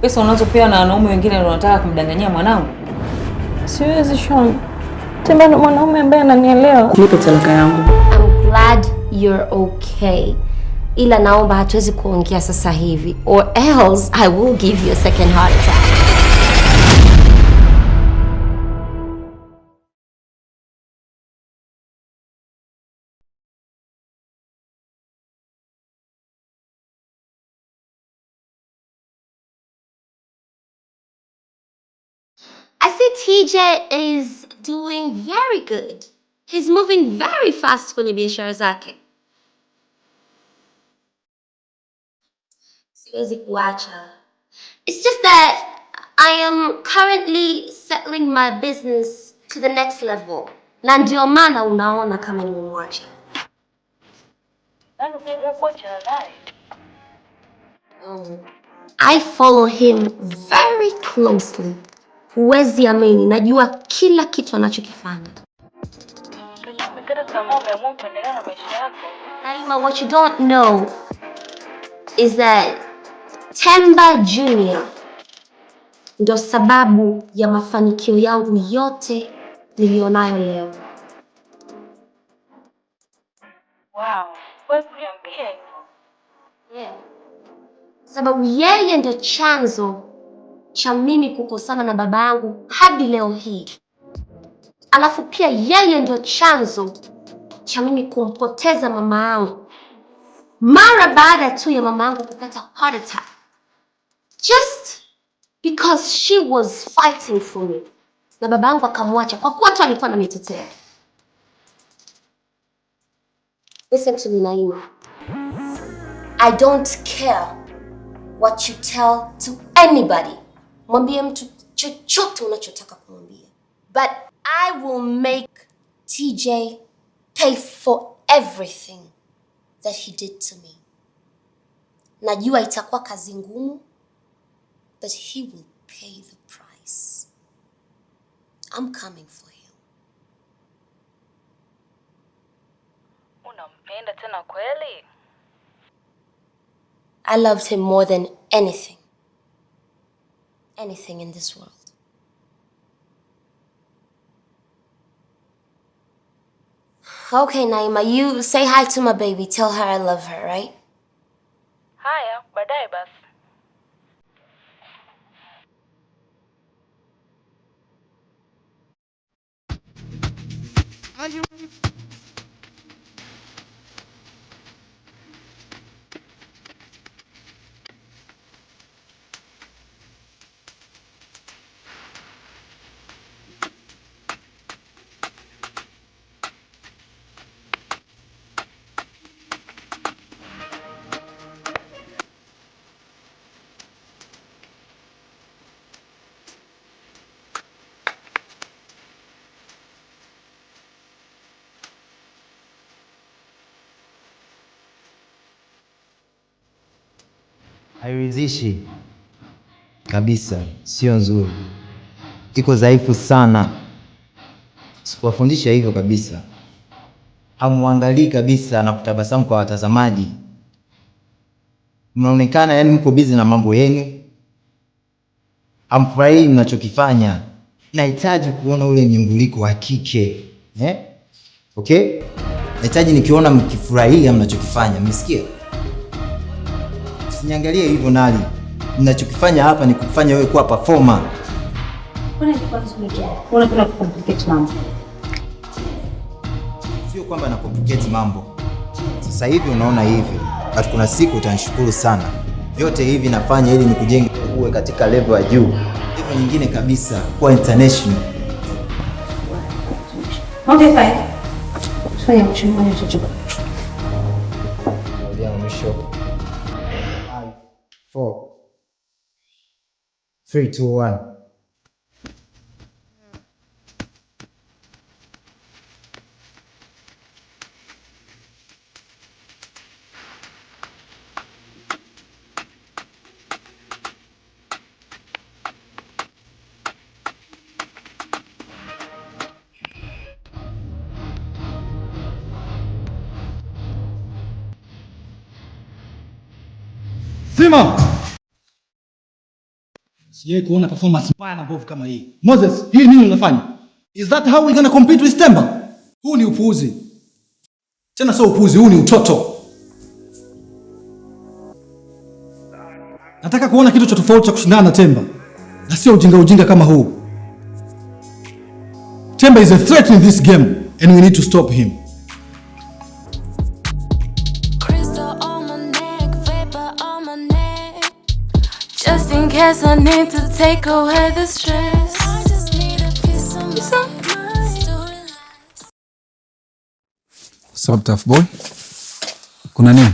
Pesa unazopewa na wanaume wengine unataka kumdanganyia mwanangu? Siwezi Sean. Tena mwanaume ambaye ananielewa. Nipe talaka yangu. I'm glad you're okay. Ila naomba hatuwezi kuongea sasa hivi or else I will give you a second heart attack. I see TJ is doing very good. He's moving very fast, for me, Shirazaki. It's just that I am currently settling my business to the next level. Na ndio maana unaona kama watch it. Um, I follow him very closely. Huwezi amini, najua kila kitu anachokifanya. Halima, what you don't know is that Temba Junior ndo sababu ya mafanikio yangu yote niliyonayo leo. Wow. Yeah. Sababu yeye ndo chanzo cha mimi kukosana na baba yangu hadi leo hii, alafu pia yeye ndio chanzo cha mimi kumpoteza mama yangu mara baada tu ya mama yangu kupata heart attack just because she was fighting for me, na baba yangu akamwacha kwa kuwa tu alikuwa ananitetea. Listen to me Naima, I don't care what you tell to anybody. Mwambie mtu chochote unachotaka kumwambia, but I will make TJ pay for everything that he did to me. Najua itakuwa kazi ngumu, but he will pay the price. I'm coming for him. Unampenda tena kweli? I loved him more than anything. anything in this world. Okay, Naima, you say hi to my baby. Tell her I love her, right? Haya, baadaye basi. Thank you. hairidhishi kabisa, sio nzuri, iko dhaifu sana. Sikuwafundisha hivyo kabisa, hamwangalii kabisa na kutabasamu kwa watazamaji. Mnaonekana yani mko bizi na mambo yenu, amfurahii mnachokifanya. Nahitaji kuona ule nyunguliko wa kike eh? Okay, nahitaji nikiona mkifurahia mnachokifanya, mmesikia? usiniangalie hivyo Nali, ninachokifanya hapa ni kukufanya wewe kuwa performer. Sio kwamba na complicate mambo. Sasa hivi unaona hivi, ati kuna siku utanishukuru sana. Vyote hivi nafanya ili nikujenge uwe katika level ya juu, level nyingine kabisa, kuwa international. Okay, fine. Three, two, one. Simon! Sijawahi kuona performance mbaya na mbovu kama hii. Moses, hii nini unafanya? Is that how we gonna compete with Temba? Huu ni upuuzi. Tena sio upuuzi, huu ni utoto. Nataka kuona kitu cha tofauti cha kushindana na Temba na sio ujinga ujinga kama huu. Temba is a threat in this game and we need to stop him. guess I need to take away the stress. I just need a piece of mind. Sub tough boy. Kuna nini?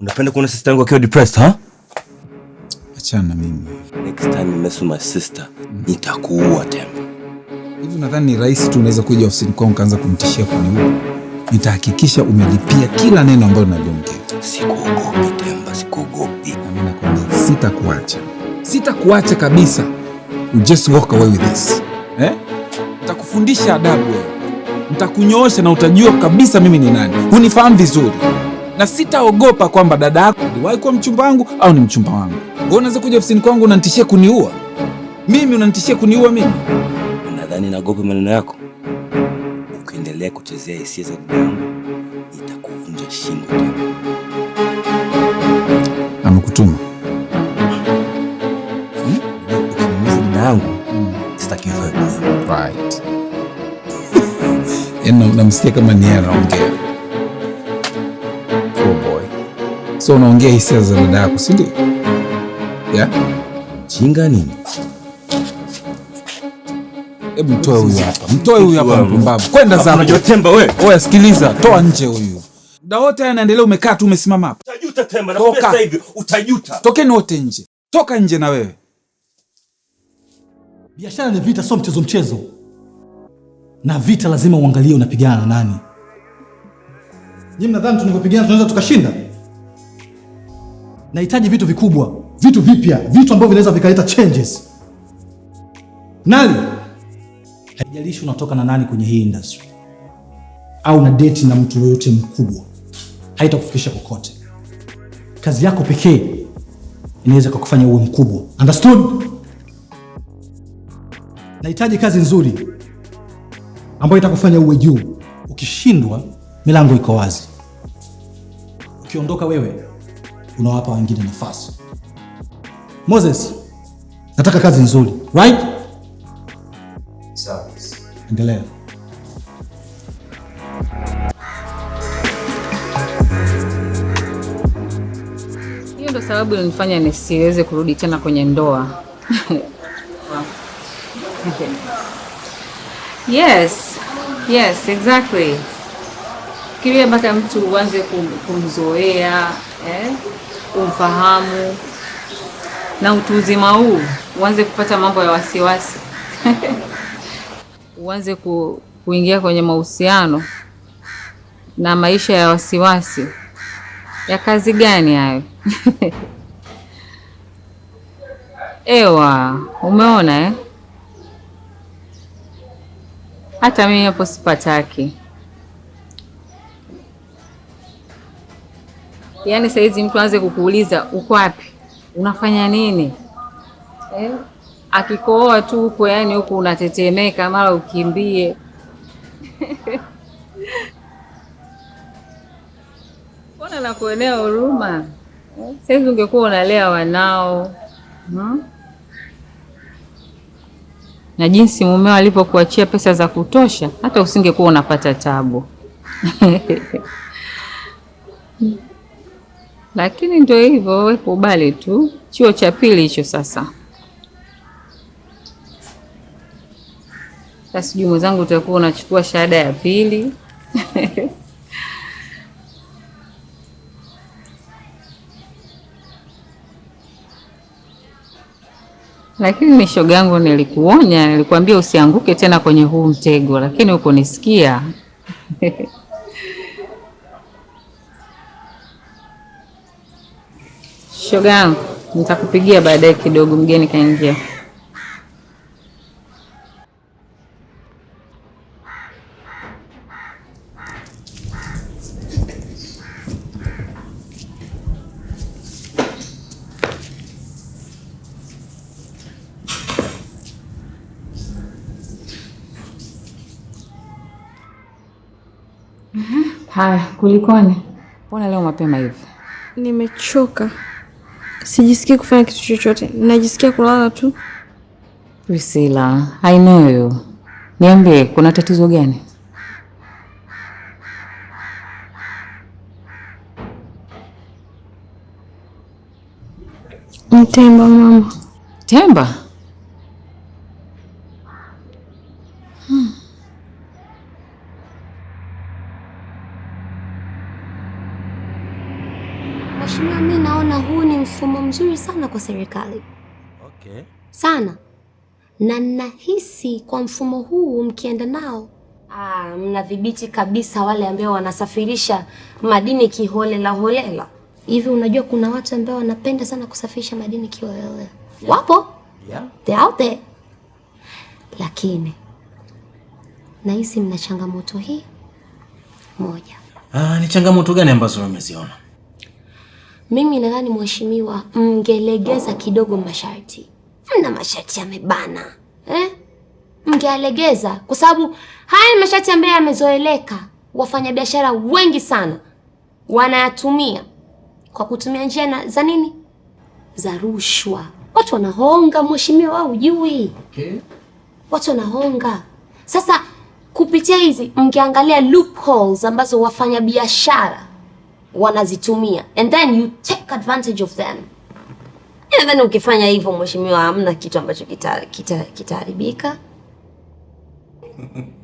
Unapenda kuona sister yangu akiwa depressed, ha? Achana mimi. Next time you mess with my sister, nitakuua tembo. Hivi nadhani ni rahisi tu unaweza kuja ofisini kwangu ukaanza kunitishia kuniua. Nitahakikisha umelipia kila neno ambalo naliongea. Sikuogopi tembo, sikuogopi. Mimi nakwambia sitakuacha sitakuacha kabisa. You just walk away with this. Eh? Nitakufundisha adabu wewe, nitakunyoosha na utajua kabisa mimi ni nani. Unifahamu vizuri, na sitaogopa kwamba dada yako aliwahi kuwa mchumba wangu au ni mchumba wangu. Wewe unaweza kuja ofisini kwangu unanitishia kuniua mimi, unanitishia kuniua mimi? Nadhani naogopa maneno yako. Ukiendelea kuchezea hisia za dada yangu, nitakuvunja shingo. Amekutuma. majina yangu sitaki right. Yaani namsikia kama ni yeye anaongea. Oh boy. So unaongea hisia za dada yako si ndio? Yeah. Chinga nini? Hebu mtoe huyu hapa, mtoe huyu hapa mpumbavu. Kwenda zako. Unajua temba wewe. Oya, sikiliza, toa nje huyu. Da wote yanaendelea, umekaa tu umesimama hapa. Utajuta temba, na pesa hivi utajuta. Tokeni wote nje. Toka nje na wewe. Biashara ni vita, sio mchezo mchezo. Na vita lazima uangalie unapigana na nani. Nyinyi mnadhani tunavyopigana tunaweza tukashinda? Nahitaji vitu vikubwa, vitu vipya, vitu ambavyo vinaweza vikaleta changes. Nani? Haijalishi unatoka na nani kwenye hii industry au na date na mtu yoyote mkubwa, haitakufikisha kokote. Kazi yako pekee inaweza kukufanya uwe mkubwa. Understood? nahitaji kazi nzuri ambayo itakufanya uwe juu. Ukishindwa, milango iko wazi. Ukiondoka wewe, unawapa wengine nafasi. Moses, nataka kazi nzuri, right? Sawa. Endelea. Hiyo ndo sababu ilinifanya nisiweze kurudi tena kwenye ndoa. Okay. Yes. Yes, exactly. Fikiria mpaka mtu uanze kumzoea eh, umfahamu na utu uzima huu uanze kupata mambo ya wasiwasi uanze ku, kuingia kwenye mahusiano na maisha ya wasiwasi ya kazi gani hayo? Ewa, umeona eh? Hata mimi hapo sipataki. Yaani saizi mtu aanze kukuuliza uko wapi, unafanya nini eh? Akikooa tu huko, yaani huku unatetemeka, mara ukimbie mbona nakuonea huruma. Eh, saizi ungekuwa unalea wanao hmm? na jinsi mumeo alipokuachia pesa za kutosha, hata usingekuwa unapata tabu lakini ndio hivyo, we kubali tu. Chuo cha pili hicho sasa. Sasa sijui mwenzangu, utakuwa unachukua shahada ya pili Lakini ni shoga yangu, nilikuonya, nilikuambia usianguke tena kwenye huu mtego, lakini hukunisikia. Shoga yangu, nitakupigia baadaye kidogo, mgeni kaingia. Haya, kulikoni? Mbona leo mapema hivi? Nimechoka, sijisikii kufanya kitu chochote, najisikia kulala tu. Priscilla, I know you. Niambie, kuna tatizo gani? Mtemba mama. Temba? nzuri sana kwa serikali okay, sana na nahisi kwa mfumo huu mkienda nao ah, mnadhibiti kabisa wale ambao wanasafirisha madini kiholela holela hivi. Unajua kuna watu ambao wanapenda sana kusafirisha madini kiholela yeah. Wapo yeah. They out there, lakini nahisi mna changamoto hii moja. Ah, ni changamoto gani ambazo umeziona? Mimi nadhani mheshimiwa, mngelegeza kidogo masharti. Mna masharti yamebana eh? Mngealegeza kwa sababu haya masharti ambayo yamezoeleka, wafanyabiashara wengi sana wanayatumia kwa kutumia njia na za nini, za rushwa. Watu wanahonga mheshimiwa, wao hujui okay. Watu wanahonga sasa, kupitia hizi mngeangalia loopholes ambazo wafanyabiashara wanazitumia and then you take advantage of them. And then ukifanya hivyo mheshimiwa, hamna kitu ambacho kitaharibika.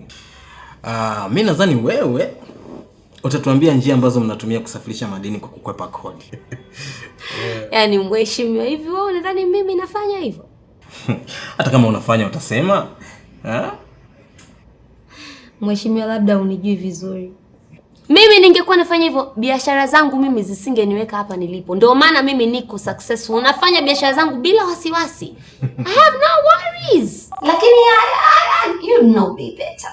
Ah, mi nadhani wewe utatuambia njia ambazo mnatumia kusafirisha madini kwa kukwepa kodi. yeah. Yaani mheshimiwa, hivi wewe unadhani mimi nafanya hivyo? hata kama unafanya utasema ha? Eh? Mheshimiwa, labda unijui vizuri mimi ningekuwa nafanya hivyo, biashara zangu mimi zisingeniweka hapa nilipo. Ndio maana mimi niko successful, nafanya biashara zangu bila wasiwasi. I have no worries. Lakini I, I, you know me better.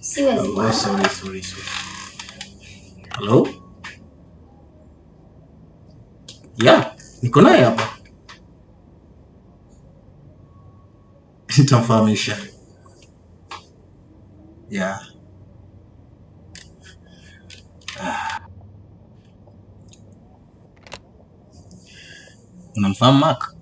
Siwezi. Oh, sorry, sorry, sorry. Hello? Yeah, niko naye hapa. Nitamfahamisha. Yeah. Unamfahamu Mark?